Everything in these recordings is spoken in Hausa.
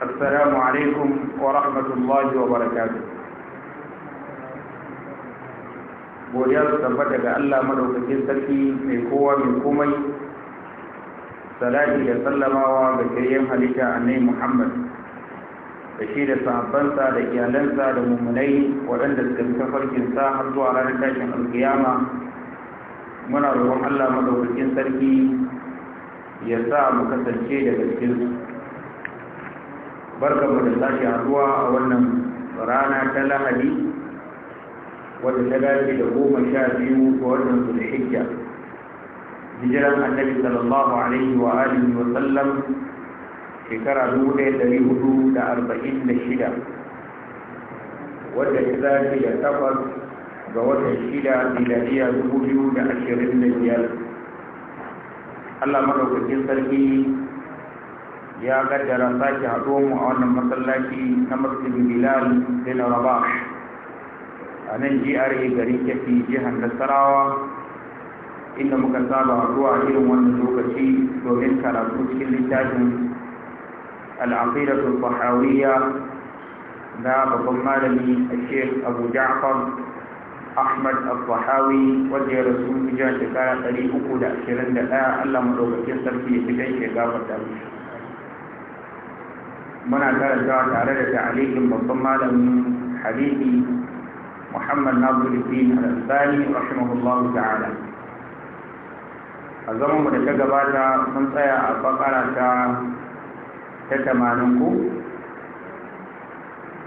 السلام عليكم ورحمة wa وبركاته godiya su tabbata ga Allah madaukakin sarki mai kowa mai komai salati da sallamawa ga kiryan halitta a annai Muhammad da da sahabbansa da iyalansa da mummunai waɗanda suka fi farkinsa har zuwa ranar tashin alkiyama muna roƙon Allah madaukakin sarki ya sa mu kasance daga cikinsu barkanmu da sake haduwa a wannan rana ta lahadi wadda ta dace da goma sha biyu ga watan zulhijja hijiran annabi sallallahu alaihi wa alihi wa sallam shekara dubu ɗaya ɗari hudu da arba'in da shida wadda ta zafi da takwas ga watan shida miladiya dubu biyu da ashirin da biyar Allah madaukakin sarki ya gaddara sake haɗo mu a wannan masallaci na masjidin bilal bin rabah a nan jihar gari kyafi jihar nasarawa inda muka saba haɗuwa irin wannan lokaci domin karatu cikin littafin al'aqidatu sahawiyya na babban malami a sheikh abu ja'far Ahmad al-Sahawi wanda ya rasu hijira shekara 321 Allah madaukakin sarki ya fi kai shekara ta منا تعالى تعالى عليكم بالضم من حبيبي محمد ناظر الدين الثاني رحمه الله تعالى الزمن من الشجبات من سيا البقرة تتمانكو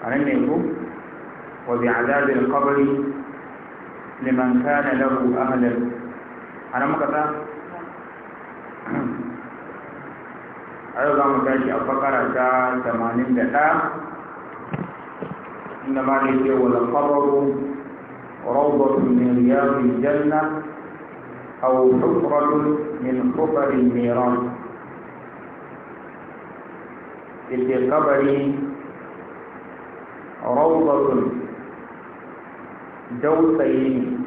أرنكو وبعذاب القبر لمن كان له أهلا أنا مكتب أيضا أيوة متاشي الفقرة تا ثمانين إنما ليس والقبر روضة من رياض الجنة أو حفرة من حفر النيران في القبر روضة دوسين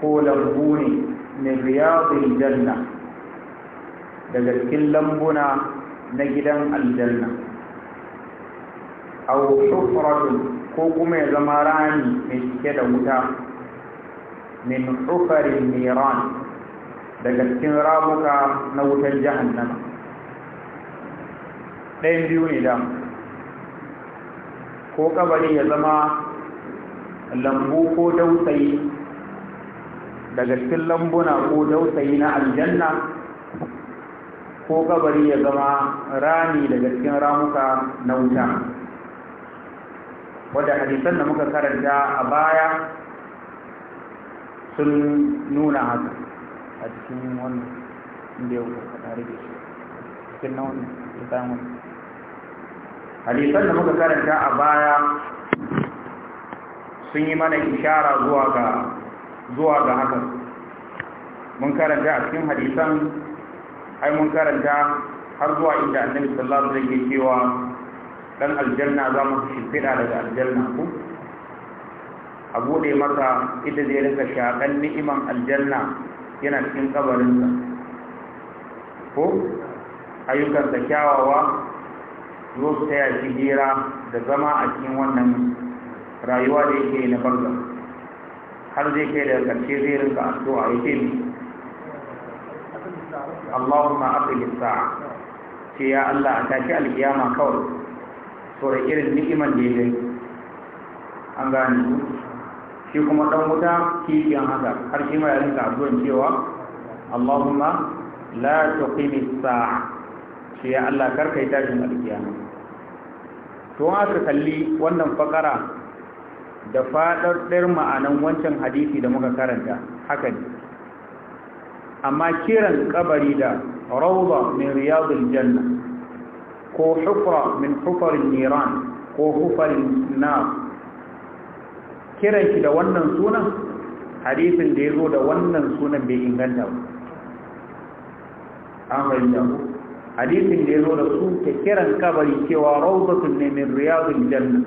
كولمبوني من رياض الجنة daga cikin lambuna na gidan aljanna aw hufratun ko kuma ya zama rami mai cike da wuta min hufarin miran daga cikin ramuka na wutar jahannama ɗayan biyu ne da ko kabari ya zama lambu ko dausayi daga cikin lambuna ko dausayi na aljanna ko kabari ya zama rami daga cikin ramuka na wuta wadda hadisan da muka karanta a baya sun nuna haka a cikin wannan da yau ka tare da shi cikin na da samun hadisan da muka karanta a baya sun yi mana ishara zuwa ga zuwa ga haka mun karanta a cikin hadisan ai mun karanta har zuwa inda annabi sallallahu alaihi wasallam yake cewa dan aljanna za mu shimfiɗa daga aljanna ku a bude masa inda zai rika shakan ni'iman aljanna yana cikin sa ko ayyukansa kyawawa zo su taya shi hira da zama a cikin wannan rayuwa da yake na banza har zai kai da karshe zai rinka addu'a yake ne Allahumma aqim as-sa'a ce ya Allah a tashi alkiyama kawai to da irin ni'imar da yake an gani shi kuma dan wuta kiyan haka har shi ma ya rinka addu'an cewa Allahumma la tuqim as-sa'a ce ya Allah karka yi tashin alkiyama to aka kalli wannan fakara da faɗaɗɗar ma'anan wancan hadisi da muka karanta haka ne amma kiran kabari da rauda min riyadul janna ko hufra min hufarin niran ko hufarin na kiran shi da wannan sunan hadisin da ya zo da wannan sunan bai inganta ba an da ku hadisin da ya zo da su ke kiran kabari cewa raudatun ne min riyadul janna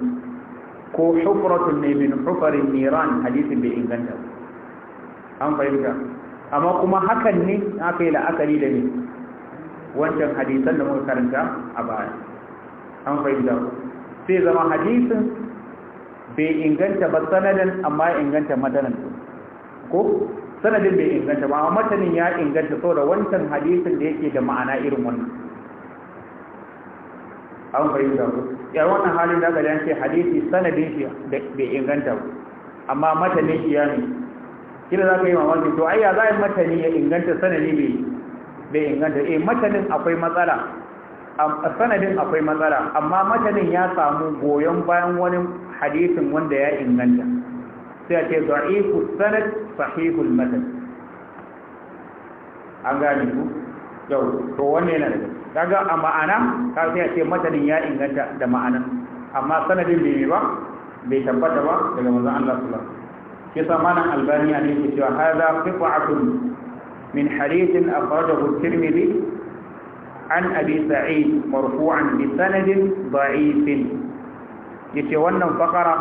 ko hufratun ne min hufarin niran hadisin bai inganta ba an fahimta amma kuma hakan ne aka yi la'akari da ne wancan hadisan da muka karanta a baya an fahimta sai zama hadisin bai inganta ba sanadin amma ya inganta matanin ko sanadin bai inganta ba amma matanin ya inganta saboda wancan hadisin da yake da ma'ana irin wannan an fahimta ku yar wannan halin da aka ce hadisi sanadin shi bai inganta ba amma matanin shi ya ne kina za ka yi mamaki to ayya za a yi matani ya inganta sanadi bai inganta eh matanin akwai matsala sanadin akwai matsala amma matanin ya samu goyon bayan wani hadisin wanda ya inganta sai a ce da'ifu sanad sahihul matan an gane ku yau to wanne yana da kaga a ma'ana ka sai a ce matanin ya inganta da ma'ana amma sanadin bai ba bai tabbata ba daga manzon Allah sallallahu alaihi wasallam yasa mana albaniya ne ke cewa hadha qita'atun min hadith akhrajahu at-tirmidhi an abi sa'id marfu'an bi sanadin da'if yace wannan fakara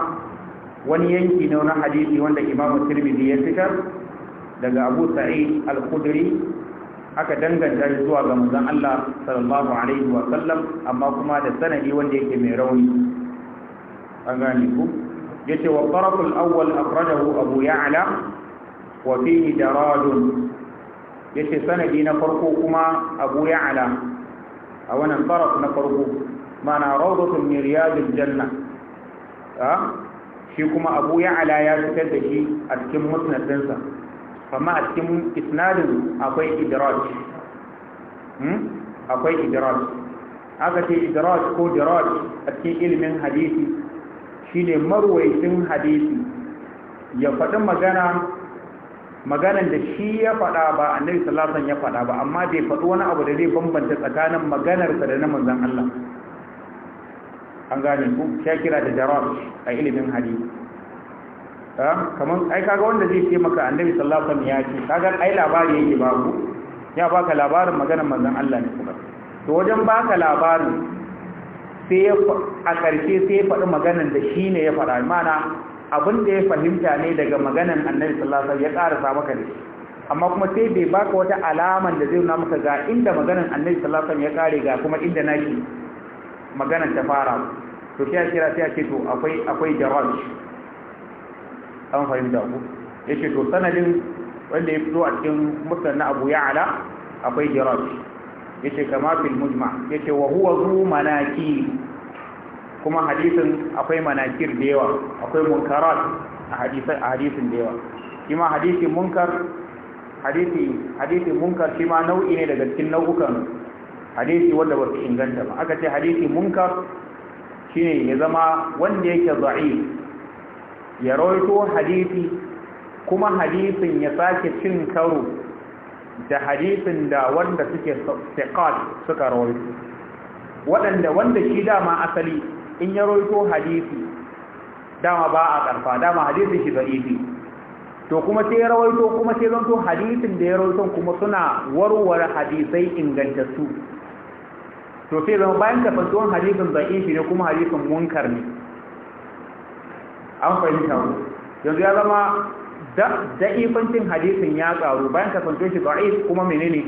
wani yanki ne na hadisi wanda imam tirmidhi ya fitar daga abu sa'id al-khudri aka danganta zuwa ga manzon Allah sallallahu alaihi wa sallam amma kuma da sanadi wanda yake mai rauni an gane ku yace wa taraf al-awwal akhrajahu abu ya'la wa fihi daradun yace sanadi na farko kuma abu ya'la a wannan taraf na farko mana rawdatun min riyadil janna ha shi kuma abu ya'la ya fitar da shi a cikin musnadinsa amma a cikin isnadin akwai idraj hmm? akwai idraj aka ce idraj ko diraj a cikin ilimin hadisi shine marwayin hadisi ya faɗi magana maganan da shi ya faɗa ba annabi sallallahu alaihi wasallam ya faɗa ba amma bai faɗi wani abu da zai bambanta tsakanin maganar sa da na manzon Allah an gane ku kira da jarab a ilimin hadisi ah kaman ai kaga wanda zai ce maka annabi sallallahu alaihi wasallam ya ce kaga ai labari yake ba ku ya baka labarin maganar manzon Allah ne kuma to wajen baka labarin sai a ƙarshe sai ya faɗi maganan da shi ne ya faɗa mana abin da ya fahimta ne daga maganan annabi sallallahu alaihi wasallam ya ƙarasa maka ne amma kuma sai bai baka wata alaman da zai nuna maka ga inda maganan annabi sallallahu alaihi wasallam ya ƙare ga kuma inda naki maganan ta fara to sai kira sai ce to akwai akwai jaraj an fahimta ku yace to sanadin wanda ya fito a cikin musnad na Abu Ya'la akwai jaraj yace kama fil mujma yace wa huwa zu manaki kuma hadisin akwai manakir da yawa akwai munkarat a hadisin a hadisin da yawa kima hadisi munkar hadisi hadisi munkar shi ma nau'i ne daga cikin nau'ukan hadisi wanda ba su inganta ba aka ce hadisi munkar shine ya zama wanda yake da'if ya rawaito hadisi kuma hadisin ya sake cin karo da hadisin da wanda suke siqat suka rawaito waɗanda wanda shi dama asali in ya rawaito hadisi dama ba a karfa dama hadisi shi za'ifi. to kuma sai ya rawaito kuma sai zanto hadisin da ya rawaito kuma suna warware hadisai ingantattu to sai zama bayan kasantuwan hadisin za'ifi ne kuma hadisin munkar ne an fahimta yanzu ya zama da ifancin hadisin ya karu bayan kasance shi da'if kuma menene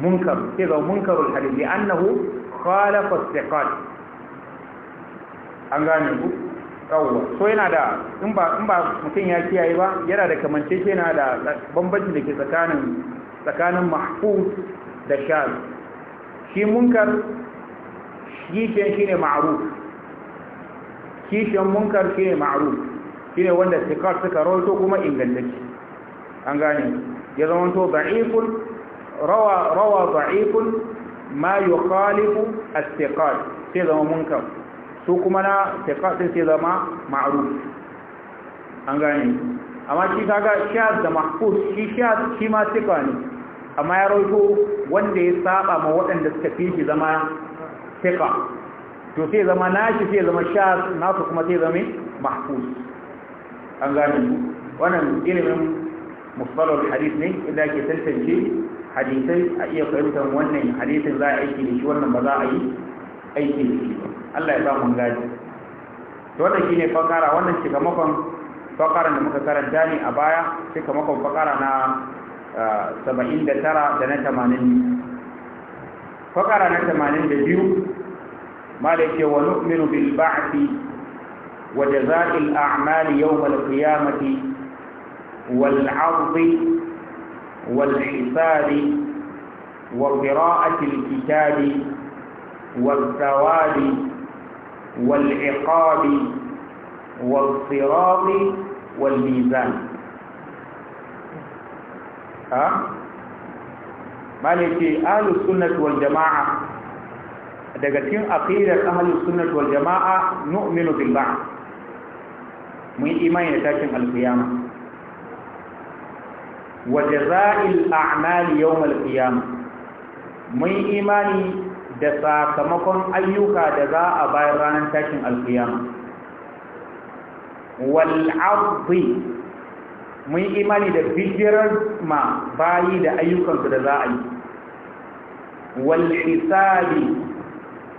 munkar sai ga munkarul hadith li annahu khalafa istiqat an gane ku yawwa so yana da in ba in ba mutum ya kiyaye ba yana da kamance yana da bambanci da ke tsakanin tsakanin mahfuz da shaz shi munkar shi ke shine ma'ruf kishin munkar shine ma'ruf ne wanda sikar suka rawaito kuma ingantacce an gane ya zama to da'ifun rawa rawa da'ifun ma yukhalifu a siqat sai zama munkar su kuma na siqat sai zama ma'ruf an gane amma shi kaga shaz da mahfuz shi shaz shi ma siqa ne amma ya rawaito wanda ya saba ma waɗanda suka fi shi zama siqa to sai zama nashi sai zama shaz nasu kuma sai zama mahfuz an gane wannan ilimin musbalar hadith ne idan ke tantance hadisai a iya fahimtar wannan hadisin za a aiki da shi wannan ba za a yi aiki da shi Allah ya mu gaji to wannan shine fakara wannan sakamakon fakaran da muka karanta ne a baya sakamakon fakara na 79 ah, da na 80 fakara na 82 ma da ke wa nu'minu bil ba'thi وجزاء الأعمال يوم القيامة والعرض والحساب وقراءة الكتاب والثواب والعقاب والصراط والميزان ها مالك أهل السنة والجماعة دقاتين cikin أهل السنة والجماعة نؤمن jamaa mun imani da tashin alkiyama wa jaza'il a'mali yawm alkiyama mun imani da sakamakon ayyuka da za a bayar ranar tashin alkiyama wal ardi mun imani da bijirar ma bayi da ayyukansu da za a yi wal hisabi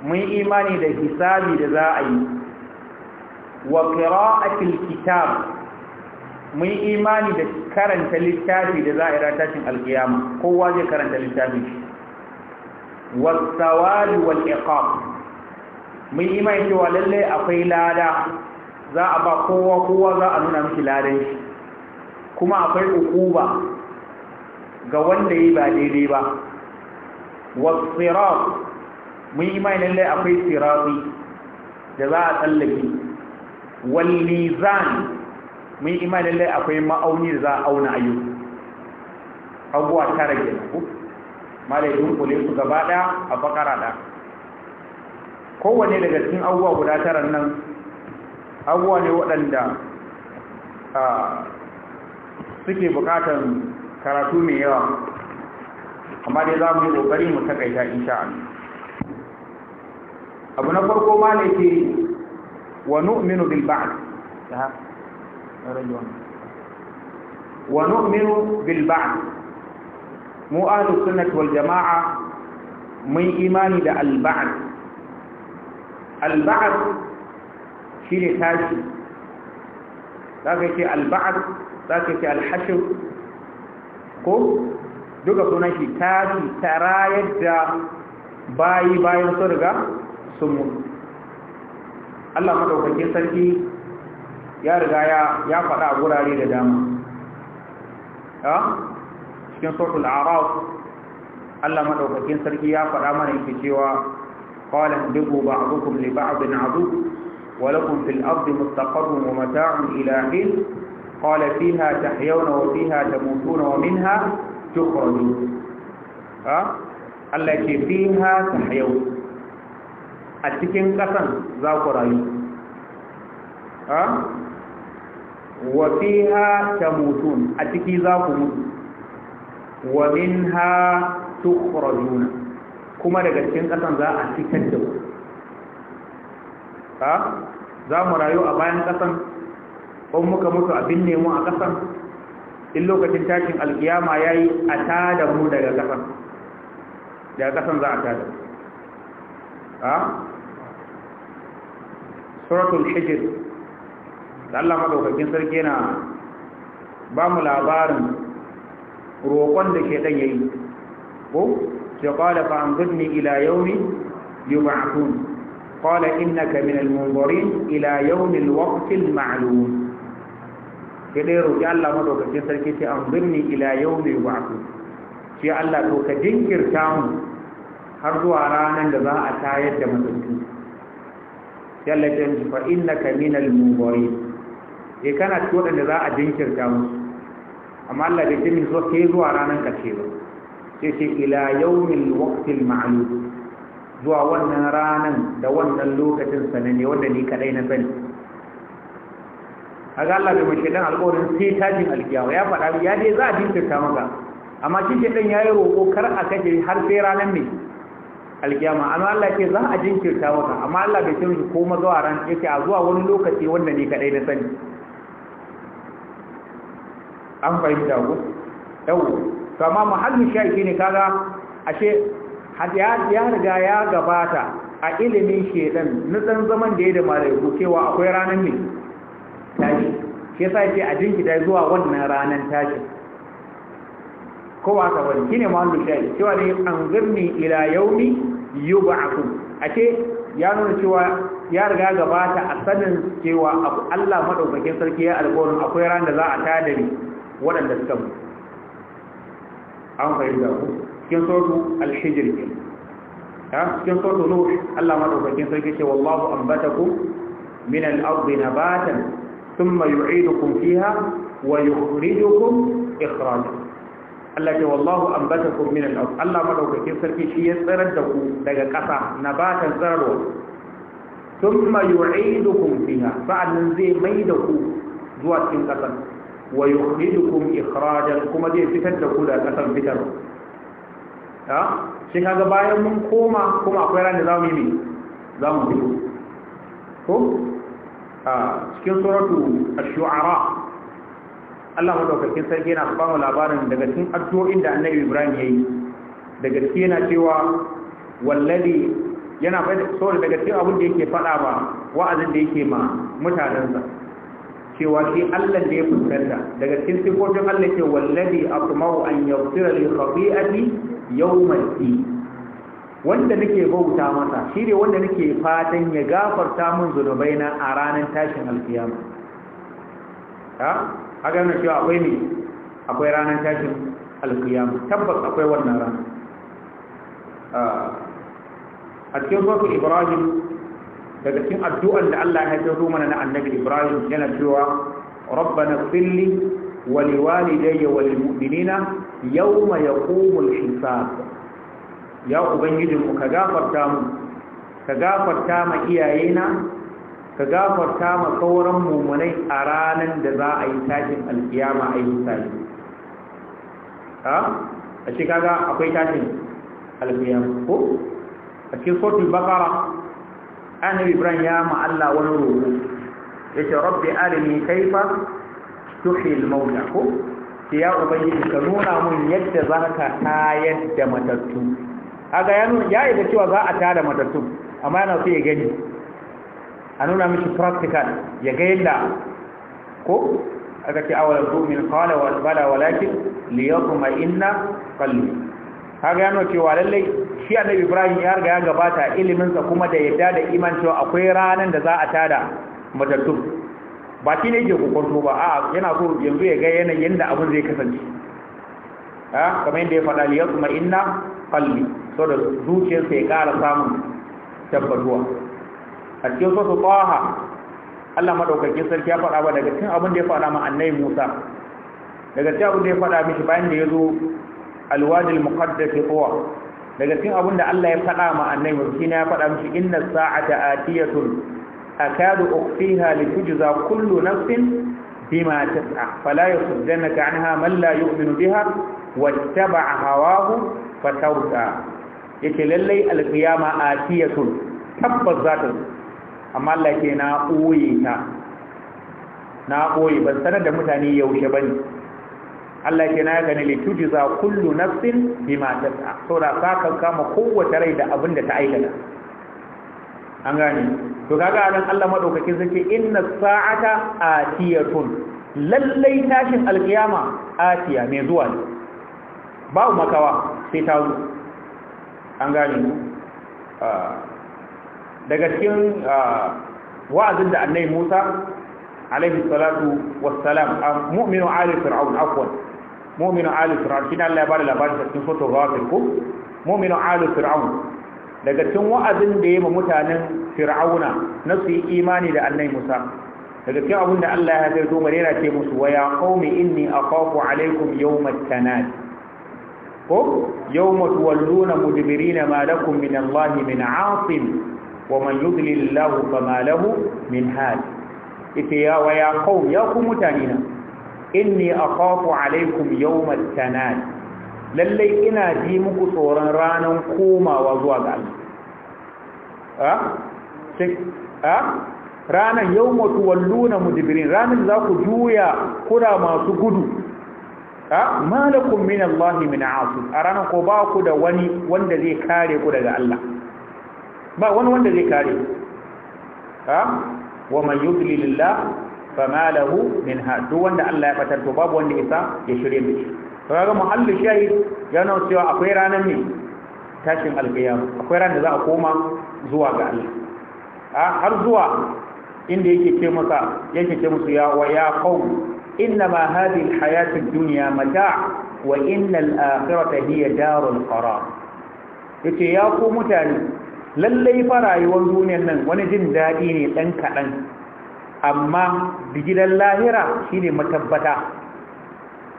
mun imani da hisabi da za a yi wa qira'atil kitab mun imani da karanta littafi da za a yi tashin alkiyama kowa zai karanta littafi wa sawali wal iqab mun imani cewa lalle akwai lada za a ba kowa kowa za a nuna miki ladan shi kuma akwai ukuba ga wanda yi ba daidai ba wa sirat mun imani lalle akwai sirati da za a tsallake wallizan mun yi imanin lai akwai ma'auni da za a auna ayyuka abuwa tara ke na ku malai dunkule su gaba ɗaya a bakara ɗaya kowane daga cikin abuwa guda tara nan abuwa ne waɗanda suke buƙatar karatu mai yawa amma dai za mu yi ƙoƙari mu takaita in sha'ani abu na farko malai ke wa nu'minu bil ba'd mu ahlus sunnati wal mun imani da al ba'd al ba'd tashi zaka ko duka sunan shi tashi tarayar da bayi bayan sun sun mutu Allah madaukakin sarki ya riga ya faɗa a gurare da dama ya cikin sautul araf Allah madaukakin sarki ya faɗa mana yake cewa qala dubu ba'dukum li ba'din adu wa lakum fil ardi mustaqarrun wa mata'un ila hin qala fiha tahyawna wa fiha tamutuna wa minha tukhrajun ha Allah ke fiha tahyawna a cikin ƙasan za ku rayu wa fiha tamutun a ciki za ku mutu wa minha tukhrajuna kuma daga cikin ƙasan za a cikin da ku za mu rayu a bayan ƙasan Ko muka mutu abin nemo a ƙasan in lokacin tashin alkiyama ya yi a tada mu daga ƙasan daga ƙasan za a tada ha suratul hijr da Allah madaukakin sarki yana ba mu labarin roƙon da shedan yayi ko ya qala fa anzurni ila yawmi yub'athun qala innaka min al-munzirin ila yawmi al-waqti al-ma'lum shedan roƙi Allah madaukakin sarki ce anzurni ila yawmi yub'athun shi Allah to ka jinkirta mu har zuwa ranar da za a tayar da mutunci yalla ta yi fa innaka minal munzari e eh, kana to da za a jinkirta mu? amma Allah bai jimin so sai zuwa ranar kace ba sai ce ila yawmil waqtil ma'lum zuwa wannan ranan da wannan lokacin sananne wanda ni kadai na bani kaga Allah bai mace dan alƙawarin sai tajin alkiyawa ya faɗa ya dai za a jinkirta maka amma shi ke dan yayi roƙo kar a kaje har sai ranar ne alkiyama amma Allah ke za a jinkirta maka amma Allah bai tun ko mazawa ran yake a zuwa wani lokaci wanda ni kadai na sani an fahimta ku yau to amma muhallin shi ne kaga ashe ya riga ya gabata a ilimin shedan nutsan zaman da ya da malaiku cewa akwai ranar ne tashi shi yasa yake a jinkirta zuwa wannan ranar tashi kowa ka kine shine muhallin shi cewa ne an gurni ila yaumi yub'athu ake ya nuna cewa ya riga gabata a sanin cewa abu Allah madaukakin sarki ya alƙawarin akwai ran da za a tada ni waɗanda suka mu an fahimta ku cikin sautu al-hijr ke ha cikin sautu nuh Allah madaukakin sarki ce wallahu ambatakum min al-ard nabatan thumma yu'idukum fiha wa yukhrijukum ikhrajan Allah ce wallahu ambatakum min al-ard Allah madaukakin sarki shi ya tsirar da ku daga ƙasa na nabatan tsararwa thumma yu'idukum fiha sa'annan zai maida ku zuwa cikin ƙasar wa yukhrijukum ikhrajan kuma zai fitar da ku daga ƙasar fitar? ha shi kaga bayan mun koma kuma akwai ran da zamu yi zamu fito ko a cikin suratu ash-shu'ara Allah madaukakin sarki yana ba mu labarin daga cikin addu'o'in da Annabi Ibrahim yayi daga cikin yana cewa wallahi yana bai so daga cikin abin da yake faɗa ba wa'azin da yake ma mutanansa cewa shi Allah da ya fuskanta daga cikin sifofin Allah ce wallahi akmau an yaghfira li khati'ati yawmal qiyamah wanda nake bauta masa shi ne wanda nake fatan ya gafarta min zunubaina a ranar tashin alkiyama ha haka na cewa akwai ne akwai ranar tashin alkiyama tabbas akwai wannan ranar. Ah, a cikin sosai ibrahim daga cikin addu'an da allah ya haifar mana na annabi ibrahim yana cewa rabbana filli waliwalidayya yau yawma yaqumul hisab ya ubangijinmu ka gafarta mu ka gafarta ma iyayena ka gafarta ma sauran mummunai a ranar da za a yi tashin alkiyama a yi tashi ha a shi kaga akwai tashin alkiyama ko a cikin sautin bakara annabi ibrahim ya ma Allah wani roƙo ce rabbi arini kaifa tuhil mauta ko ya ubangiji ka nuna mun yadda za ka tayar da matattu aga ya ya yi cewa za a tada matattu amma yana so ya gani a nuna mishi practical ya ga yadda ko aka ce awal rumin qala wa bala walakin liyaqma inna qalbi haka yana cewa lallai shi annabi Ibrahim ya riga ya gabata ilimin sa kuma da yadda da iman cewa akwai ranan da za a tada matattu ba shi ne yake kokonto ba a yana so yanzu ya ga yanayin da abin zai kasance ha kamar yadda ya faɗa liyaqma inna qalbi so da zuciyarsa ya ƙara samun tabbatuwa a cikin sosu tsaha Allah maɗaukakin sarki ya faɗa ba daga cikin abin da ya faɗa ma annai Musa daga cikin abin da ya faɗa mishi bayan da ya zo alwadil muqaddas tuwa daga cikin abin da Allah ya faɗa ma annai Musa shine ya faɗa mishi inna sa'ata atiyatun akadu ukhfiha litujza kullu nafsin bima tas'a fala yasuddannaka anha man la yu'minu biha wattaba'a hawahu fatawta yake lallai alqiyama atiyatun tabbas zata amma Allah ke na ɓoye ta na ɓoye ban sanar da mutane yaushe ba ne Allah ke na gani littuji za kullu nafsin bi ma ta saura ka kan kama kowace rai da abin da ta aikata an gane to kaga nan Allah madaukakin zake inna sa'ata atiyatun lallai tashin alkiyama atiya mai zuwa ne babu makawa sai ta zo an gane ku ah. daga cikin ah, wa'azin da annai musa alaihi salatu wassalam a ah, mu'minu ali fir'aun afwan mu'minu ali fir'aun shi ne allah ya bada labarin da cikin soto gawafin ku mu'minu ali fir'aun daga cikin wa'azin da ya ma mutanen fir'auna na su yi imani da annai musa daga cikin abin da allah ya haifar to yana ce musu wa ya qaumi inni akhafu alaikum yawmat tanad ko yawma tuwalluna mudbirina ma lakum min allahi min asim ومن يضلل الله فما له من هاد إتيا ويا قوم يا قوم تانينا إني أخاف عليكم يوم التناد lallai ina ji muku tsoron ranar komawa zuwa ga Allah a ranar yau mutu walluna mudibirin ranar za ku juya kura masu gudu a malakun min Allah min asu a ranar ko baku da wani wanda zai kare ku daga Allah ba wani wanda zai kare ha wa man yudlilillah fama lahu min ha duk wanda Allah ya fatar to babu wanda isa ya shirye da shi to kaga muhallu shahid yana cewa akwai ranar ne tashin alqiyam akwai ranar da za a koma zuwa ga Allah a har zuwa inda yake ce masa yake ce musu ya wa ya qaum إنما هذه الحياة الدنيا متاع وإن الآخرة هي دار القرار ya ياكو mutane. lallai fa rayuwar duniyar nan wani jin daɗi ne ɗan kaɗan amma bigidan lahira shine matabbata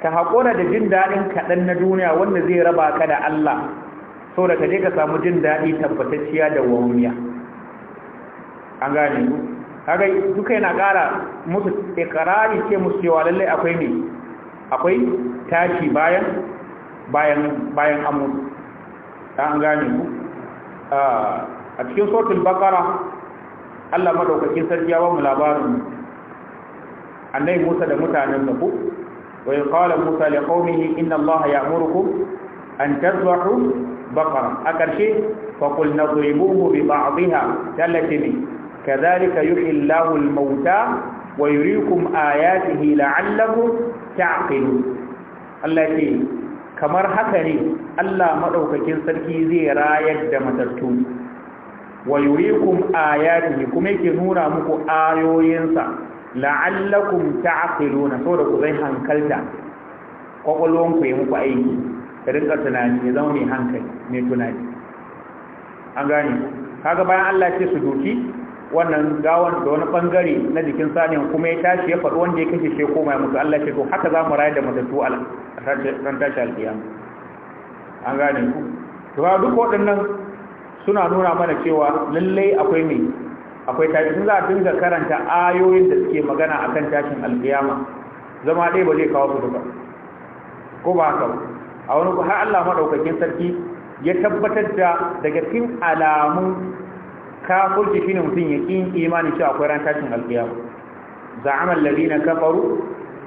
ka haƙura da jin daɗin kaɗan na duniya wanda zai raba ka da Allah so da ka je ka samu jin daɗi tabbatacciya da wauniya an gane ku haka duka yana ƙara musu ikirari ce musu cewa lallai akwai ne akwai tashi bayan bayan bayan an gane ku a cikin sautin bakara allah madaukakin sarki ya ba labarin annai musa da mutanen nufu wa yi kawala musa da inna Allah ya murku an tazwahu bakara a ƙarshe faƙul na zuribuhu bi ba'adhiha tallace ne كذلك mauta الله الموتى ويريكم آياته لعلكم تعقلون التي kamar haka ne Allah maɗaukakin sarki zai rayar da matattu wa yurikum ayatihi kuma yake nura muku ayoyinsa la'allakum ta'qiluna saboda ku zai hankalta kwakwalwan ku yi muku aiki da rinka tunani ya zama hankali mai tunani an gane kaga bayan Allah ce su doki wannan gawan da wani bangare na jikin saniyan kuma ya tashi ya faɗi wanda ya kashe shi koma ya mutu Allah ce to haka za mu rayar da matattu al ran tashi alƙiyama. an gane ku to ba duk waɗannan suna nuna mana cewa lallai akwai mai akwai tashi sun za a dinga karanta ayoyin da suke magana akan tashin alƙiyama? zama ɗaya ba zai kawo su duka ko ba haka a wani har Allah madaukakin sarki ya tabbatar da daga cikin alamun kafurci shine mutum ya kin imani cewa akwai ran tashin alkiyama za'ama alladhina kafaru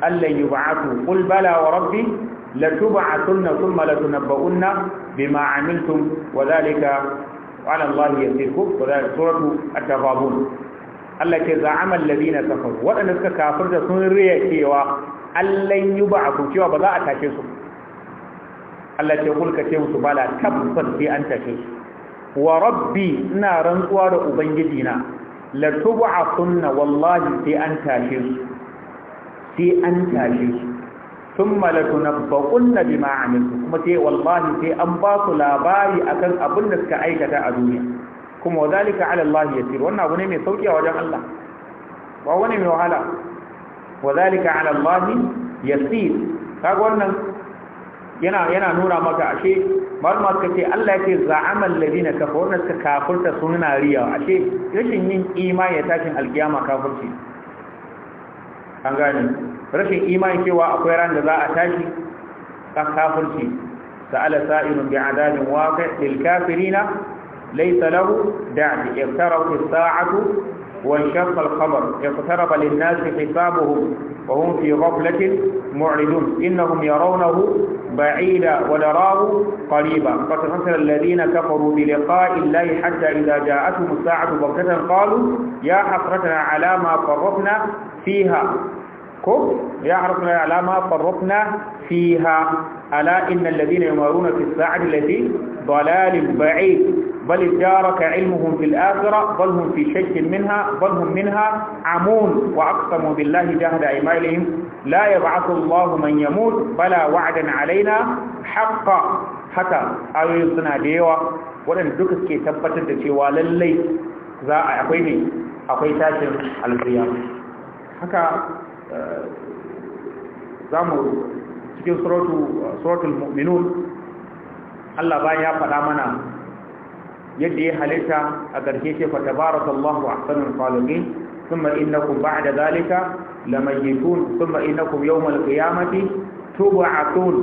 allan yub'athu qul bala wa rabbi a sun suna لتبعثن ثم لتنبؤن بما عملتم وذلك على الله يسير وذلك سورة التغابون Allah ke za'amal ladina kafaru waɗanda suka da sun riya cewa allan yub'athu cewa ba za a tashe su Allah ce kulka ce musu bala tabbas sai an tashe su wa rabbi ina rantsuwa da ubangiji na la tub'athunna wallahi sai an tashe su sai an tashe su thumma la tunabbaqunna bima amiltu kuma sai wallahi sai an ba su labari akan abin da suka aikata a duniya kuma wadalika ala Allah yasir wannan abu ne mai sauki a wajen Allah ba wani mai wahala wadalika ala Allah yasir kaga wannan yana yana nuna maka ashe malama suka ce Allah yake za'amal ladina kafa wannan suka kafirta suna riya ashe rashin yin imani ya tashin alkiyama kafirci an gane rashin imani cewa akwai ran da za a tashi kan kafirci sa'ala sa'ilun bi'adabin waqi' lil kafirina laysa lahu da'i iftarahu as-sa'atu وانشق الخبر اقترب للناس حسابهم وهم في غفلة معرضون إنهم يرونه بعيدا ونراه قريبا قد خسر الذين كفروا بلقاء الله حتى إذا جاءتهم الساعة بغتة قالوا يا حسرتنا على ما فرطنا فيها كف يا حسرتنا على ما فرطنا فيها ألا إن الذين يمارون في الساعة التي ضلال بعيد بل ادارك علمهم في الآخرة بل هم في شك منها بل هم منها عمون وأقسموا بالله جهد أيمالهم لا يبعث الله من يموت بلا وعدا علينا حقا حتى أيضنا ديوة ولن دكس كي تبت تشيوى للي ذا أعقيني أقوي تاشم على الزيام حكا آه، زامر تكي صورة المؤمنون الله باي يا فلامنا yadda ya halitta a ƙarshe ce fa tabarakallahu ahsanul khaliqin thumma innakum ba'da zalika lamayitun thumma innakum yawmal qiyamati tub'atun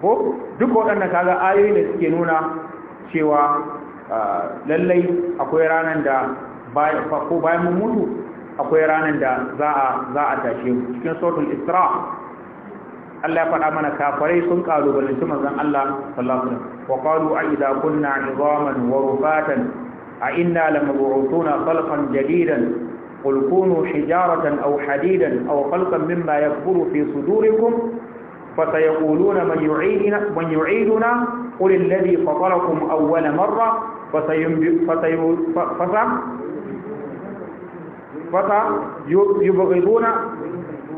ko duk waɗannan kaga ayoyin da suke nuna cewa lallai akwai ranar da ko bayan mun mutu akwai ranar da za a za a cikin suratul isra Allah ya faɗa mana kafarai sun kalubalanci manzon Allah sallallahu alaihi wasallam wa qalu a idza kunna izaman wa rufatan a inna lamab'utuna khalqan jadidan قل كونوا حجارة أو حديدا fi خلقا مما يكبر في صدوركم فسيقولون من يعيدنا, من يعيدنا قل الذي فطركم أول مرة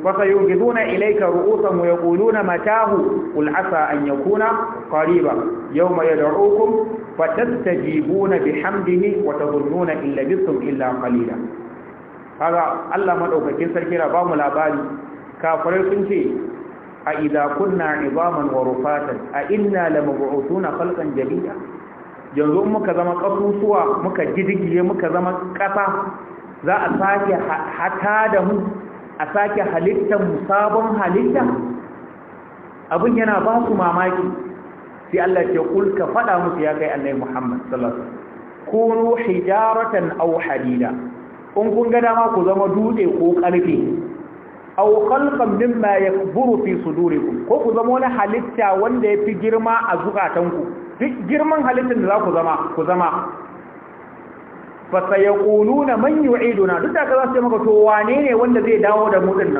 fasayugiduna ilayka ru'usan wa yaquluna matahu qul asa an yakuna qariban yawma yad'ukum fatastajibuna bihamdihi wa tadhununa illa bisum illa qalila kaga Allah madaukakin sarki ra bamu labari kafare sun ce a idza kunna izaman wa rufatan a inna lamub'utuna khalqan jadida yanzu muka zama kasusuwa muka gidigiye muka zama ƙasa? za a sake hata da mu a sake halittar sabon halitta abin yana ba su mamaki sai Allah ce kul ka faɗa musu ya kai annabi Muhammad sallallahu alaihi wasallam kunu hijaratan aw hadida in kun ga dama ku zama dutse ko karfe aw khalqan mimma yakburu fi sudurikum ko ku zama wani halitta wanda yafi girma a zukatanku duk girman halittar da za ku zama ku zama fa sayaquluna man yu'iduna duk da za su yi maka to wane ne wanda zai dawo da mu nan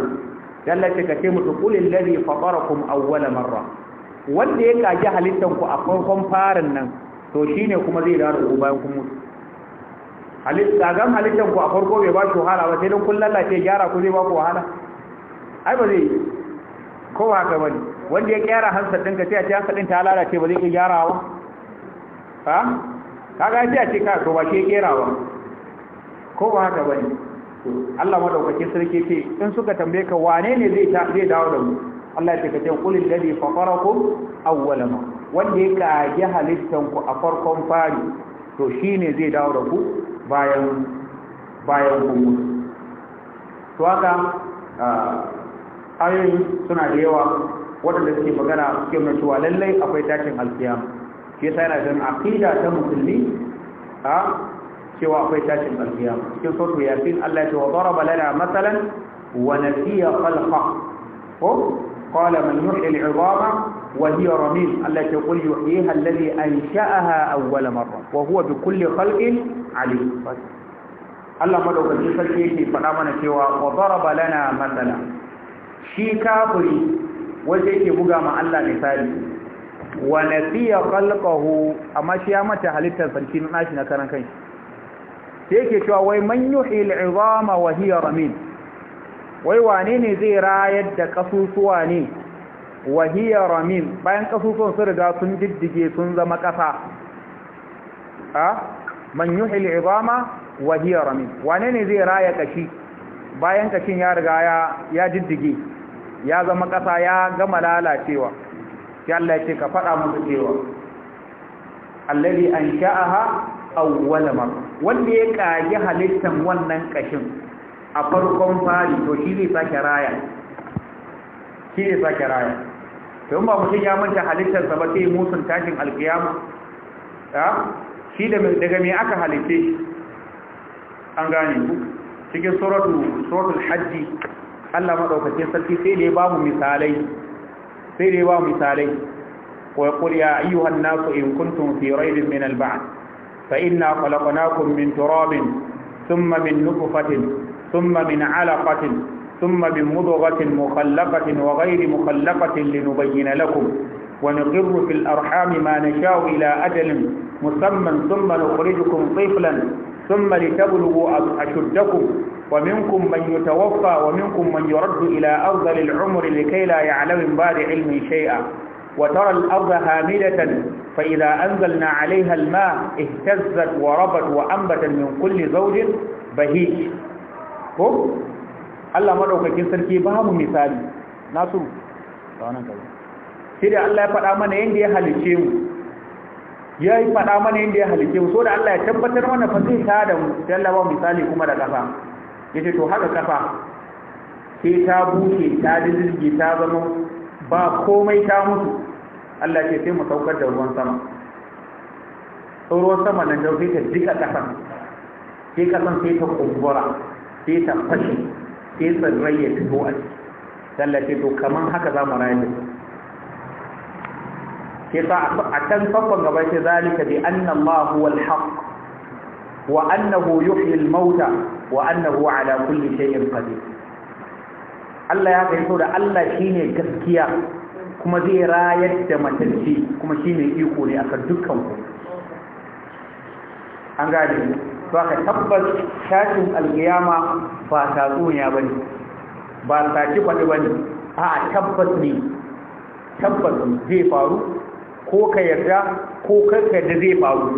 Allah ce ka ce musu qul allazi fatarakum awwala marra wanda ya kaji halittan ku a farkon farin nan to shine kuma zai dawo da ku bayan kun mutu halitta gan halittan ku a farko bai ba shi wahala ba sai dan kun lallace gyara ku zai ba ku wahala ai ba zai ko haka bane wanda ya gyara hansar ɗinka sai a ce hansar ɗin ta lalace ba zai iya gyarawa ha kaga sai a ce ka to ba ke kerawa ko ba haka bane Allah madaukakin sarki ce in suka tambaye ka wane ne zai zai dawo da mu Allah ya ce ka ce qul alladhi wanda ya kage halittan ku a farkon fari to shine zai dawo da ku bayan bayan ku to haka ayoyi suna da yawa waɗanda suke magana suke nuna cewa lallai akwai takin alkiyama yasa yana da aqida ta musulmi a cewa akwai tashin alkiya cikin sautu ya yasin Allah ya ce wa daraba lana masalan wa nasiya khalqa ko qala man yuhyi al'idama wa hiya ramim Allah ya ce qul yuhyiha alladhi ansha'aha awwala marra wa huwa bi kulli khalqin alim Allah madaukakin sarki yake faɗa mana cewa wa daraba lana masalan shi kafiri wanda yake buga ma Allah misali wa nasiya khalqahu amma shi ya mata halittar sarki na nashi na karan kai sai yake cewa wai man yuhi al'izama wa hiya ramin wai wane ne zai rayar da kasusuwa ne wa hiya ramin bayan kasusuwan sun riga sun diddige sun zama kasa a man yuhi al'izama wa hiya ramin wane ne zai raya kashi bayan kashin ya riga ya diddige ya zama kasa ya gama lalacewa sai Allah ka faɗa musu cewa allazi ansha'aha awwal marra wanda ya kage halittan wannan kashin a farkon fari to shi ne sake raya shi ne sake raya to in ba mutum ya manta halittar sa ba sai musun tashin alkiyama ya shi da daga me aka halitte an gane ku cikin suratul suratul hajji Allah madaukakin sarki sai ne babu misalai سيري واو مثالي ويقول يا أيها الناس إن كنتم في ريب من البعث فإنا خلقناكم من تراب ثم من نطفة ثم من علقة ثم من مضغة مخلقة وغير مخلقة لنبين لكم ونقر في الأرحام ما نشاء إلى أجل مسمى ثم نخرجكم طفلا ثم لتبلغوا أشدكم ومنكم من يتوفى ومنكم من يرد إلى أرض العمر لكي لا يعلم بعد علم شيئا وترى الأرض هامدة فإذا أنزلنا عليها الماء اهتزت وربت وأنبت من كل زوج بهيج ko Allah madaukakin sarki ba mu misali nasu wannan kaza sai da Allah ya faɗa mana yanda ya halice mu ya yi faɗa mana yanda ya halice mu so da Allah ya tabbatar mana fa zai mu sai Allah ba misali kuma da kafa yace to haka kafa sai ta bushe ta dizirgi ta zama ba komai ta mutu Allah ce sai mu saukar da ruwan sama ruwan sama nan dau ta jika kasan sai kasan sai ta kumbura sai ta fashe sai tsirrai ya fito a ciki Allah ce to kaman haka za mu rayu Ke sa a can farkon gaba ce zalika bi anna Allah huwal haqq wa annahu yuhyi al-mauta wa annahu ala kulli shay'in qadir Allah ya fahimta da Allah shine gaskiya kuma zai rayar da matacce kuma shine iko ne akan dukkan ku an gane to aka tabbas tashin alqiyama ba tatsuniya bane ba ci faɗi bane a tabbas ne tabbas zai faru ko ka yarda ko karka da zai faru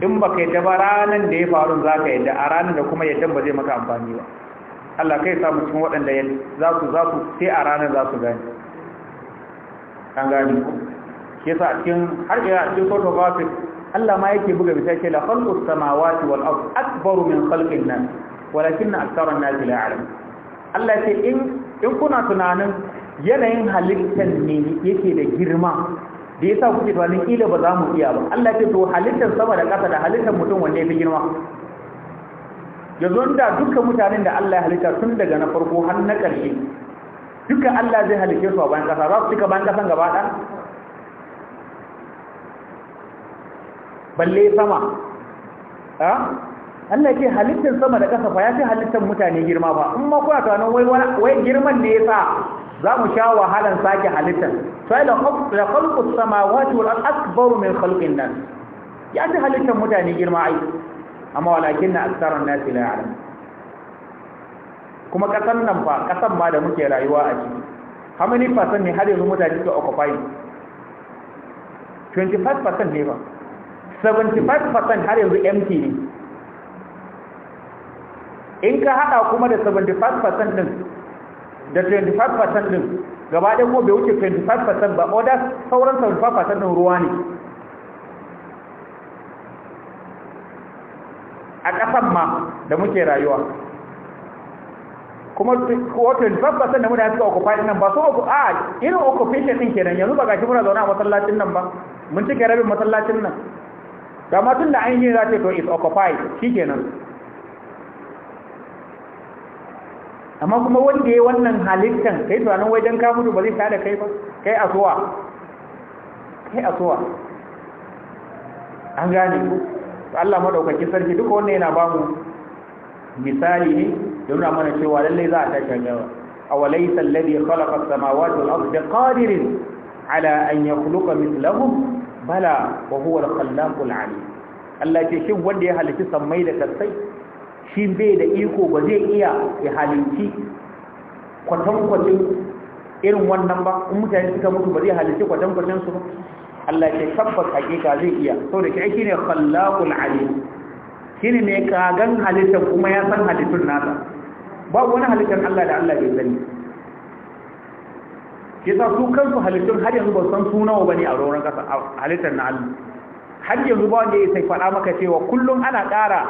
in baka yadda ba ranar da ya faru za ka yadda a ranar da kuma yadda ba zai maka amfani ba Allah kai samu cikin waɗanda za su za su sai a ranar za su gani kan gani ke sa cikin har ila cikin sort of Allah ma yake buga bisa ce la khalqu samawati wal ard akbaru min khalqin nas walakin aktsara an-nas la ya'lam Allah ce in in kuna tunanin yanayin halittar ne yake da girma da yasa kuke tunanin kila ba za mu iya ba Allah ce to halittar sama da ƙasa da halittar mutum wanda yake girma yanzu da dukkan mutanen da Allah ya halitta tun daga na farko har na ƙarshe dukkan Allah zai halice su a bayan ƙasa za su cika bayan ƙasan gaba ɗaya balle sama ha Allah ke halittar sama da ƙasa fa ya ce halittar mutane girma ba in ma kuna tunanin wai wai girman ne yasa za mu sha wahalan sake halittar sai da khalqus samawati wal akbaru min khalqin nan? ya ji halittar mutane girma aiki. amma walakin na aksarun nas la ya'lam kuma kasan nan fa kasan ma da muke rayuwa a ciki how fasan ne har yanzu mutane ke occupy 25 percent ne ba 75 percent har yanzu empty ne in ka hada kuma da 75 percent din da 25% din gaba ɗaya ko bai wuce 25% ba orders sauran 75% din ruwa ne a ƙasan ma da muke rayuwa kuma kuwa 25% da mutane suka occupy nan ba su oku a irin occupation din kenan yanzu ba gashi muna zaune a masallacin nan ba mun cike rabin masallacin nan da matun da an yi za ce to is occupied kenan. amma kuma wanda ya wannan halittan kai tunanin wajen ka mutu ba zai sada kai ba kai asuwa kai asuwa an gane ku Allah madaukakin sarki duka wanda yana ba mu misali ne da nuna mana cewa lallai za a tashi gaba a alladhi khalaqa ya samawati wal arda qadirin ala an yakhluqa mithlahum bala wa huwa al-khallaqul alim Allah ce shi wanda ya halitta sammai da kasai shi bai da iko ba zai iya ya halinci kwatankwacin irin wannan ba in mutane suka mutu ba zai halinci kwatankwacin su ba Allah ya tabbas hakika zai iya sau da shi ne khallaqul alim shi ne mai kagan halittar kuma ya san halittun nasa ba wani halittar Allah da Allah bai sani ke sa su kansu halittun har yanzu ba san su nawa bane a roron kasa halittar na Allah har yanzu ba wanda ya sai faɗa maka cewa kullum ana ƙara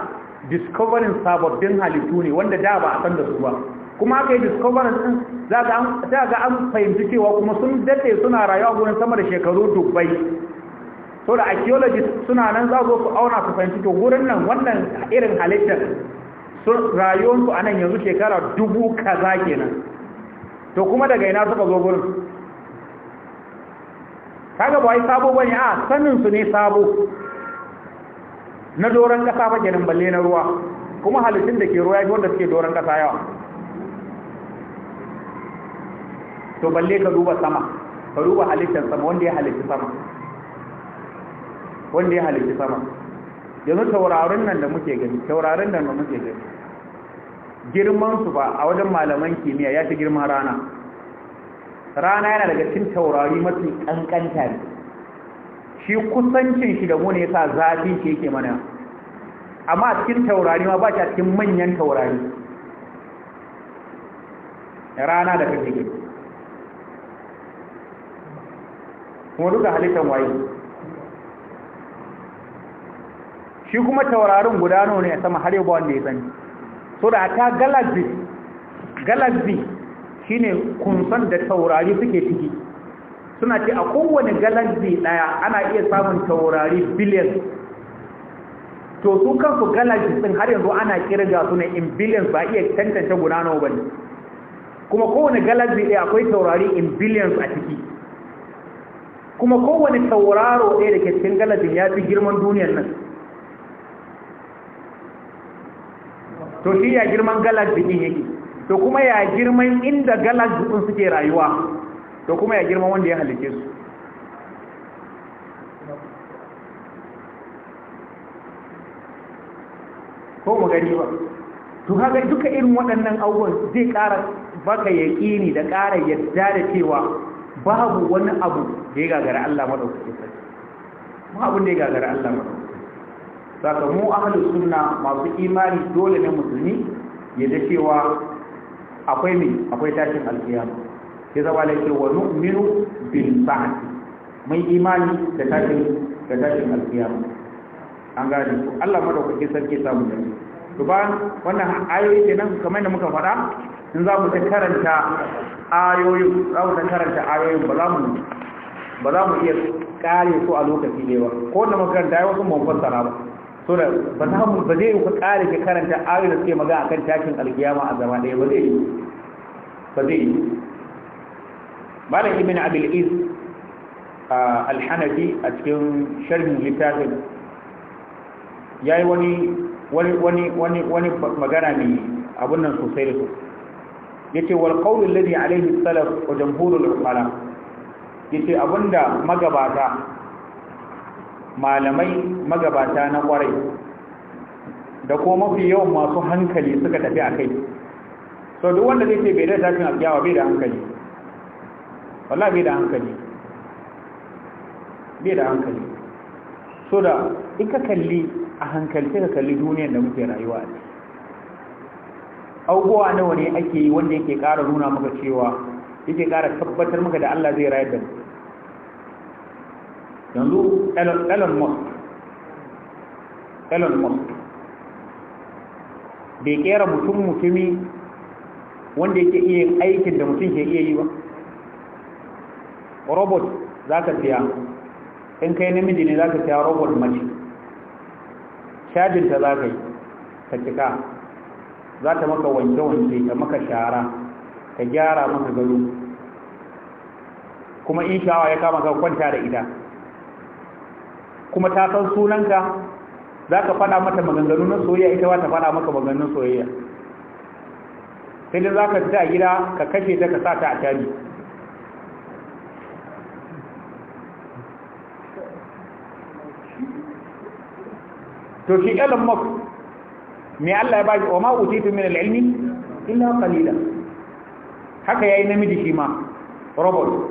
discovering sababbin halittu ne wanda da ba a san da su ba kuma aka yi discovery din za ga an fahimci cewa kuma sun dade suna rayuwa gurin sama da shekaru dubbai so da archaeologist suna nan za zo su auna su fahimci to gurin nan wannan irin halittar rayuwarsu a nan yanzu shekara dubu kaza kenan to kuma daga ina suka zo gurin kaga ba yi sabo bane a sanin su ne sabo na doron kasa ba kenan balle na ruwa kuma halittun da ke ruwa ya wanda suke doron kasa yawa to balle ka duba sama ka duba halittar sama wanda ya halitta sama wanda ya halitta sama yanzu taurarin nan da muke gani taurarin nan da muke gani girman su ba a wajen malaman kimiyya ya fi girman rana rana yana daga cin taurari mafi kankanta tare shi kusancin shi da mu ne yasa zafin shi yake mana amma a cikin taurari ma ba shi a cikin manyan taurari rana da kake gani kuma duka halittar waye shi kuma taurarin gudano ne a sama har yau ba wanda ya sani so da ta galaxy galaxy shine kunsan da taurari suke ciki suna ce a kowane galaxy daya ana iya samun taurari billions to su kansu galaxy din har yanzu ana kirga su ne in billions ba iya tantance guda nawa bane kuma kowane galaxy daya akwai taurari in billions a ciki kuma kowane tauraro ɗaya da ke cikin galaxy ya fi girman duniyar nan to shi ya girman galaxy din yake to kuma ya girman inda galaxy din suke rayuwa to kuma ya girma wanda ya halice su ko mu gani ba to haka duka irin waɗannan abubuwan zai ƙara baka yaƙini da ƙara yadda da cewa babu wani abu da ya gagara Allah maɗaukaki sarki Ma abin da ya gagara Allah maɗaukaki saka mu ahlus sunna masu imani dole ne musulmi ya da cewa akwai ne akwai tashin alkiyama sai zaba da ke wani minu bil ba'd mai imani da tashin da tashin alkiyama an gane ku Allah madaukake sarki samu da to ba wannan ayoyi nan kamar da muka faɗa in za mu ta karanta ayoyin za mu ta karanta ayoyin ba za mu ba za mu iya kare su a lokaci ne ba ko da makaranta ya wasu mun fassara ba so da ba za mu ba zai ku kare ki karanta ayoyin da suke magana akan tashin alkiyama a zama ɗaya ba zai ba zai yi malam ibn abil iz alhanafi a cikin sharhin littafin ya yi wani wani wani wani magana mai abun nan sosai da sosai ce, wal qawl alladhi alayhi salaf wa jamhurul ulama yace abunda magabata malamai magabata na kwarai da ko mafi yawan masu hankali suka tafi a so duk wanda zai ce bai da a alkiyawa bai da hankali wallahi bai da hankali bai da hankali so da in ka kalli a hankali ka kalli duniyar da muke rayuwa ne abubuwa nawa ne ake yi wanda yake ƙara nuna maka cewa yake ƙara tabbatar maka da Allah zai rayar da mu yanzu Elon Musk Elon Musk bai kera mutum mutumi wanda yake iya aikin da mutum ke iya yi ba robot za ka siya in kai namiji ne za ka siya robot mace shajinta za ka yi ta cika za ta maka wanke-wanke ta maka shara ta gyara maka gado kuma in sha'awa ya kama ka kwanta da ita kuma ta san sunanka za ka faɗa mata maganganu na soyayya ita ba ta faɗa maka maganganun soyayya sai dai za ka ta gida ka kashe ta ka sa ta a caji to shi ƙalin mafi me Allah ya shi wa ma utitu min al-ilmi illa kalila haka ya yi namiji shi ma robot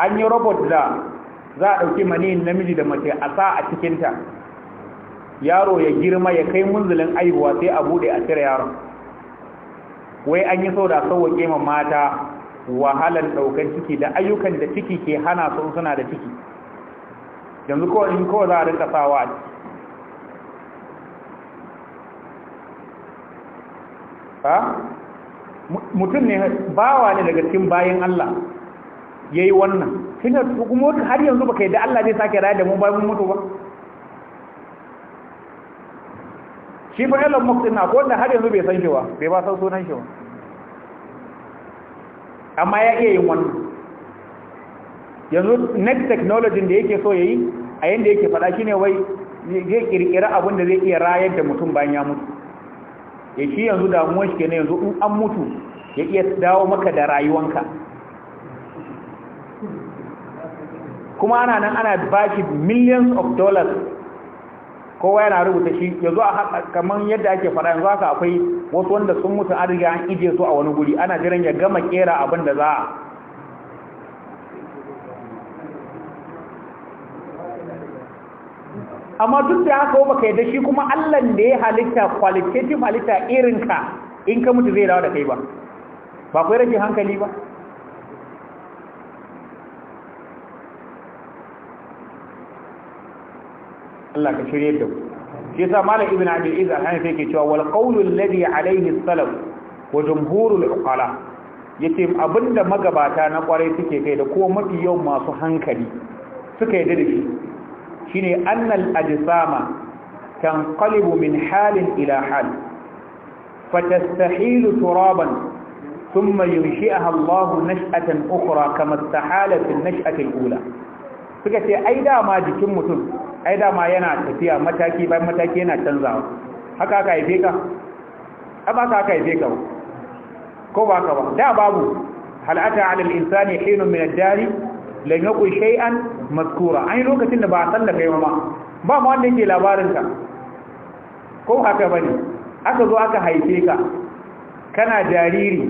an yi robot da za a ɗauki maniyin namiji da mace a sa a cikinta. yaro ya girma ya kai munzulin aihuwa sai a bude a cire yaron wai an yi so da sauwa ma mata wahalar daukar ciki da ayyukan da ciki ke hana su suna da ciki yanzu ko in ko za a rinka sawa ha mutum ne bawa ne daga cikin bayan Allah yayi wannan kina kuma har yanzu baka yadda Allah zai sake rayar da mu bayan mutu ba shi fa Elon Musk din na ko da har yanzu bai san shi ba bai ba san sunan shi ba amma ya iya yin wannan yanzu next technology da yake so yayi a yanda yake faɗa ne wai zai kirkira abin da zai iya rayar da mutum bayan ya mutu ya shi yanzu damuwa shi kenan yanzu in an mutu ya iya dawo maka da rayuwanka kuma ana nan ana bashi millions of dollars kowa yana rubuta shi yanzu a haka kamar yadda ake faɗa yanzu haka akwai wasu wanda sun mutu an riga an ije su a wani guri ana jiran ya gama kera abin da za amma duk da haka ba ka yadda shi kuma allan da ya halitta qualitative halitta irinka in ka mutu zai dawo da kai ba ba kai rashin hankali ba Allah ka shirye da ku shi yasa malam ibn abi iz hanafi yake cewa wal qawlu alladhi alayhi salaf wa jumhurul uqala yace abinda magabata na kwarai suke kai da kuma mafi yawan masu hankali suka yi da shi shine annal ajsama tanqalibu min halin ila hal fatastahilu turaban ثم ينشئها الله نشأة أخرى كما استحال في النشأة الأولى suka ce ai dama jikin mutum ai dama yana tafiya mataki bayan mataki yana canzawa haka aka haife ka amma ka aka haife ka ko ba ka ba da babu ala al insani hinun min ad-dari la yaqul shay'an mazkura ai lokacin da ba a san da kai ma ba ma wanda yake labarin ka ko haka bane aka zo aka haife ka kana jariri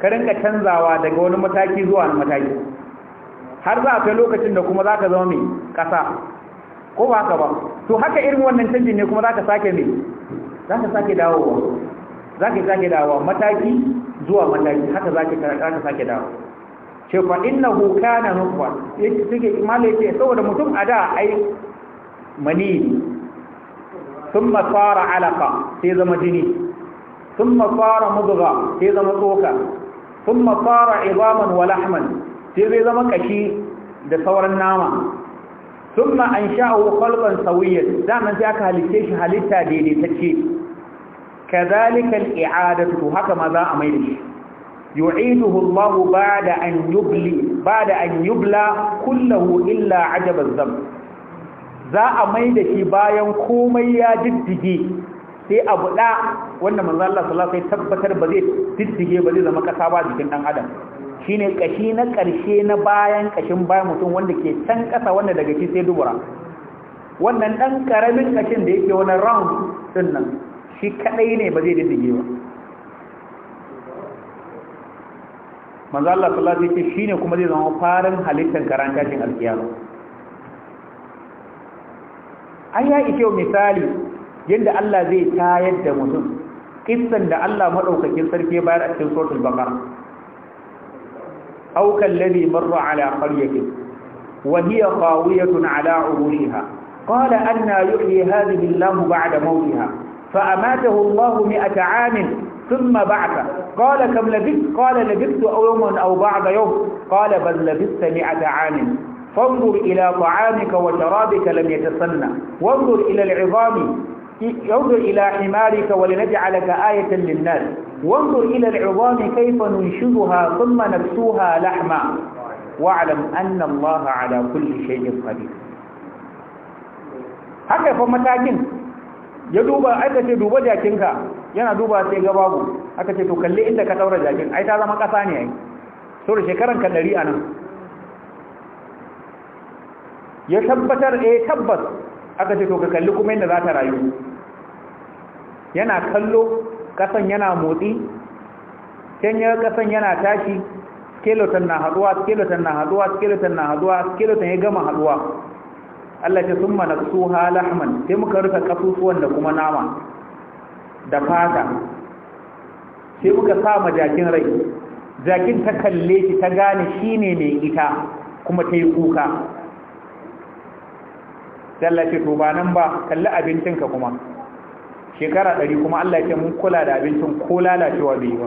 ka rinka canzawa daga wani mataki zuwa wani mataki har za a kai lokacin da kuma za ka zama mai ƙasa ko ba haka ba to haka irin wannan canji ne kuma za ka sake mai za ka sake dawowa za sake dawowa mataki zuwa mataki haka za ka sake dawowa ce fa innahu kana nutfa yake suke malai ce saboda mutum a da ai mani thumma fara alaqa sai zama jini thumma fara mudgha sai zama tsoka thumma fara idaman wa lahman sai zama kashi da sauran nama sun an sha’o kwalban sauyin zaman sai aka halitta shi halitta daidaitacce ka zalikan i’adatu haka ma za a mai da shi yu’idu hulmahu ba da an yubla kullahu illa ajabar za a mai da shi bayan komai ya diddige sai abu ɗa wanda manzallah sallasai tabbatar ba zai diddige ba zai zama ƙasa ba jikin ɗan adam shine kashi na ƙarshe na bayan ƙashin bayan mutum wanda ke can ƙasa wanda daga shi sai dubura wannan dan ƙaramin ƙashin da yake wani round ɗin nan shi kaɗai ne ba zai diddige ba manzo Allah sallallahu alaihi wasallam shine kuma zai zama farin halittar karanta cikin alkiyama An ya ike misali yadda Allah zai tayar da mutum kissan da Allah madaukakin sarki bayar a cikin suratul baqara أو كالذي مر على قرية وهي قاوية على عروشها قال أنى يحيي هذه الله بعد موتها فأماته الله مئة عام ثم بعث قال كم لبثت قال لبثت أو يوما أو بعد يوم قال بل لبثت مئة عام فانظر إلى طعامك وشرابك لم يتسنى وانظر إلى العظام انظر إلى حمارك ولنجعلك آية للناس وانظر إلى العظام كيف ننشدها ثم نكسوها لحما واعلم أن الله على كل شيء قدير haka fa matakin ya duba aka ce duba jakinka yana duba sai ga babu aka ce to kalle inda ka daura jakin ai ta zama kasa ne ai so da shekaran ka 100 anan ya tabbatar eh tabbas aka ce to ka kalli kuma inda za ta rayu yana kallo kasan yana motsi can kasan yana tashi skeleton na haduwa skeleton na haduwa skeleton na haduwa skeleton ya gama haduwa Allah ya summa nasuha halahman sai muka rufe kasusuwan da kuma nama da fata sai muka sa ma jakin rai jakin ta kalle shi ta gane shine mai ita kuma ta yi kuka Allah ya ce to ba nan ba kalli abincinka kuma shekara ɗari kuma Allah ce mun kula da abincin ko lalacewa bai ba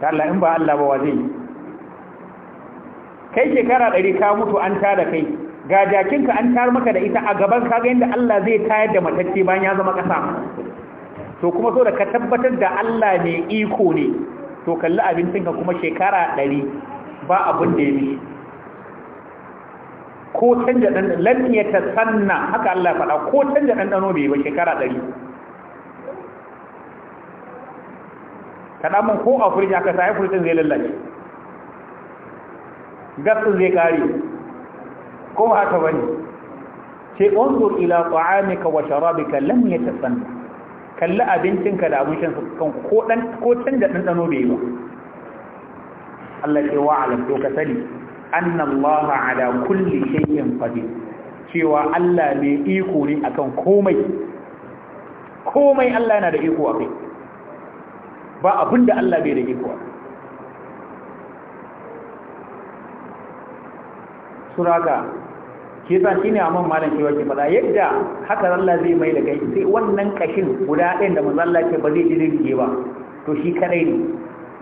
ta Allah in ba Allah ba wa zai kai shekara ɗari ka mutu an ta da kai ga jakinka an tar maka da ita a gaban kaga yadda Allah zai tayar da matacce bayan ya zama ƙasa to kuma so da ka tabbatar da Allah ne iko ne to kalli abincinka kuma shekara ɗari ba abin da ya mishi ko canja ɗanɗano lan ya ta sanna haka Allah faɗa ko canja ɗanɗano bai ba shekara ɗari kaɗa mun ko a furji aka sa ya furjin zai lallace gasin zai ƙare ko ba haka bane sai unzur ila ta'amika wa sharabika lam yatasanna kalli abincinka da abin shan kan ko dan ko canja ɗanɗano bai ba Allah ya wa'ala to ka sani annallaha ala kulli shay'in qadir cewa Allah ne iko ne akan komai komai Allah yana da iko a kai ba abinda Allah bai da iko a suraka ke sa shine amman malam cewa ke fada yadda haka Allah zai mai da kai sai wannan kashin guda ɗayan da manzo Allah ce ba zai jirge ba to shi kare ne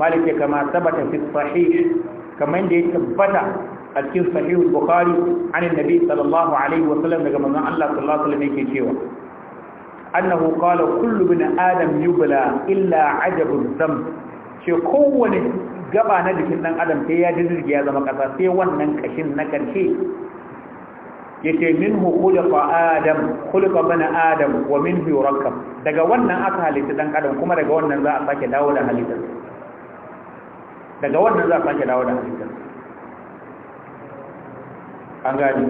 malam ya kama sabata fi sahih kamar da ya tabbata a cikin sahihul bukhari an annabi sallallahu alaihi wa sallam daga manzon Allah sallallahu alaihi wa sallam yake cewa annahu qala kullu bin adam yubla illa ajabun zam ce kowane gaba na jikin dan adam sai ya dirge ya zama kasa sai wannan kashin na karshe yace minhu khuliqa adam khuliqa bana adam wa minhu yurakkab daga wannan aka halitta dan adam kuma daga wannan za a sake dawo da halittarsa daga wannan za a sake dawo da halittar an gani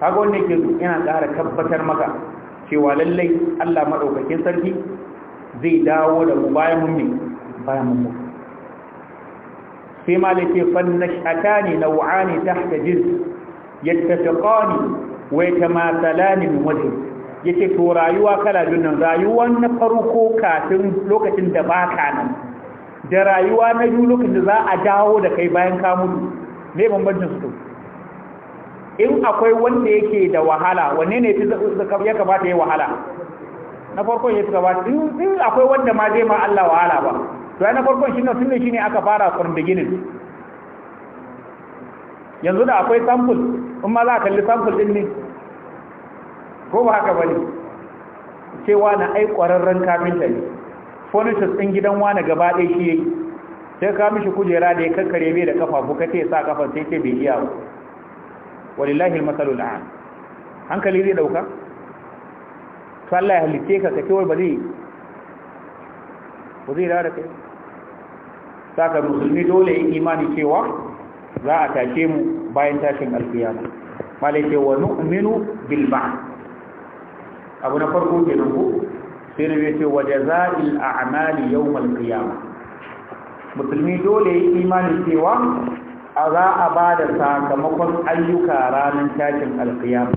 haka wanda ke yana ƙara tabbatar maka cewa lallai allah maɗaukakin sarki zai dawo da mu bayan mun ne bayan mun sai ma da ke fannashata ne na ne ta haka jin yadda ta ƙoni matsala ne wajen ya ce to rayuwa kala nan rayuwan na farko kafin lokacin da ba ka nan da rayuwa na biyu da za a dawo da kai bayan ka mutu me bambancin su in akwai wanda yake da wahala wanne ne ya kamata ya wahala na farkon ya kamata in akwai wanda ma zai ma Allah wahala ba to na farkon shi ne shi shine aka fara from beginning yanzu da akwai sample in ma za ka kalli sample din ne ko ba haka bane cewa na ai kwararren kafinta ne furnitus ɗin gidan wane gaba ɗaya shi yake sai ka mishi kujera da ya kankare mai da kafa ka ce sa kafa sai ce bai iya ba walillahi almasalul a. hankali zai dauka to Allah ya halitte ka kake wai ba zai ba zai da kai saka musulmi dole yin imani cewa za a tashe mu bayan tashin alkiyama malai ce wa nu'minu bil abu na farko kenan ko sai na waje wa a a'mali yau qiyamah musulmi dole yi imani cewa a za a ba da sakamakon ayyuka ranar tashin alkiyama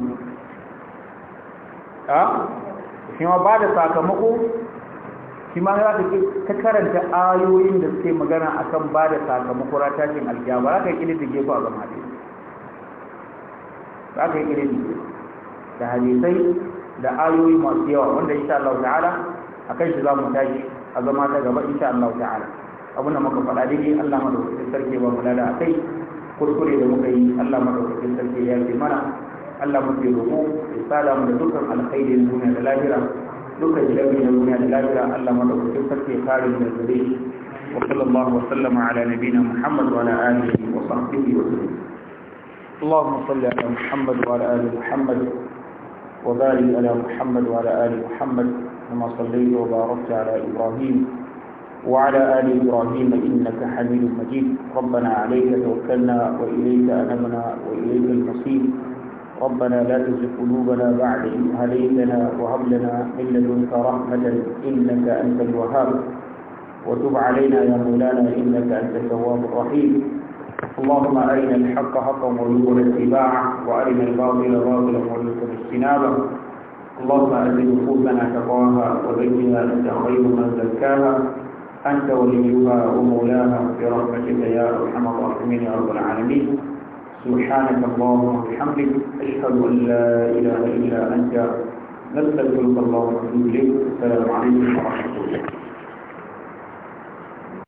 a shi ma ba da sakamako shi ma za ta karanta ayoyin da suke magana akan ba da sakamako ranar tashin alkiyama za ka yi kini da gefa a zama ɗaya za ka yi ƙilin da hadisai da ayoyi masu yawa wanda insha Allah ta'ala akan shi za mu tashi a zama ta gaba insha Allah ta'ala abin da muka faɗa dai Allah madaukakin sarki ba mu lada akai kuskure da muka yi Allah madaukakin sarki ya yi mana Allah mu muke roƙo ya sala mu da dukkan alkhairi da duniya da lahira dukkan jiragen da duniya da lahira Allah madaukakin sarki ya kare mu da zuri wa sallallahu wa sallama ala nabiyina Muhammad wa ala alihi wa sahbihi wa sallam اللهم صل على محمد وعلى ال محمد وبارك على محمد وعلى آل محمد كما صليت وباركت على إبراهيم وعلى آل إبراهيم إنك حميد مجيد ربنا عليك توكلنا وإليك أنبنا وإليك المصير ربنا لا تزغ قلوبنا بعد إذ هديتنا وهب لنا من لدنك رحمة إنك أنت الوهاب وتب علينا يا مولانا إنك أنت التواب الرحيم اللهم أرنا الحق حقا وارزقنا اتباعه وأرنا الباطل باطلا وارزقنا اجتنابه اللهم أزل نفوسنا تقواها وزكها أنت خير من زكاها أنت وليها ومولاها برحمتك يا أرحم الراحمين يا رب العالمين سبحانك اللهم وبحمدك أشهد أن لا إله إلا أنت نستغفرك اللهم ونتوب إليك السلام عليكم ورحمة الله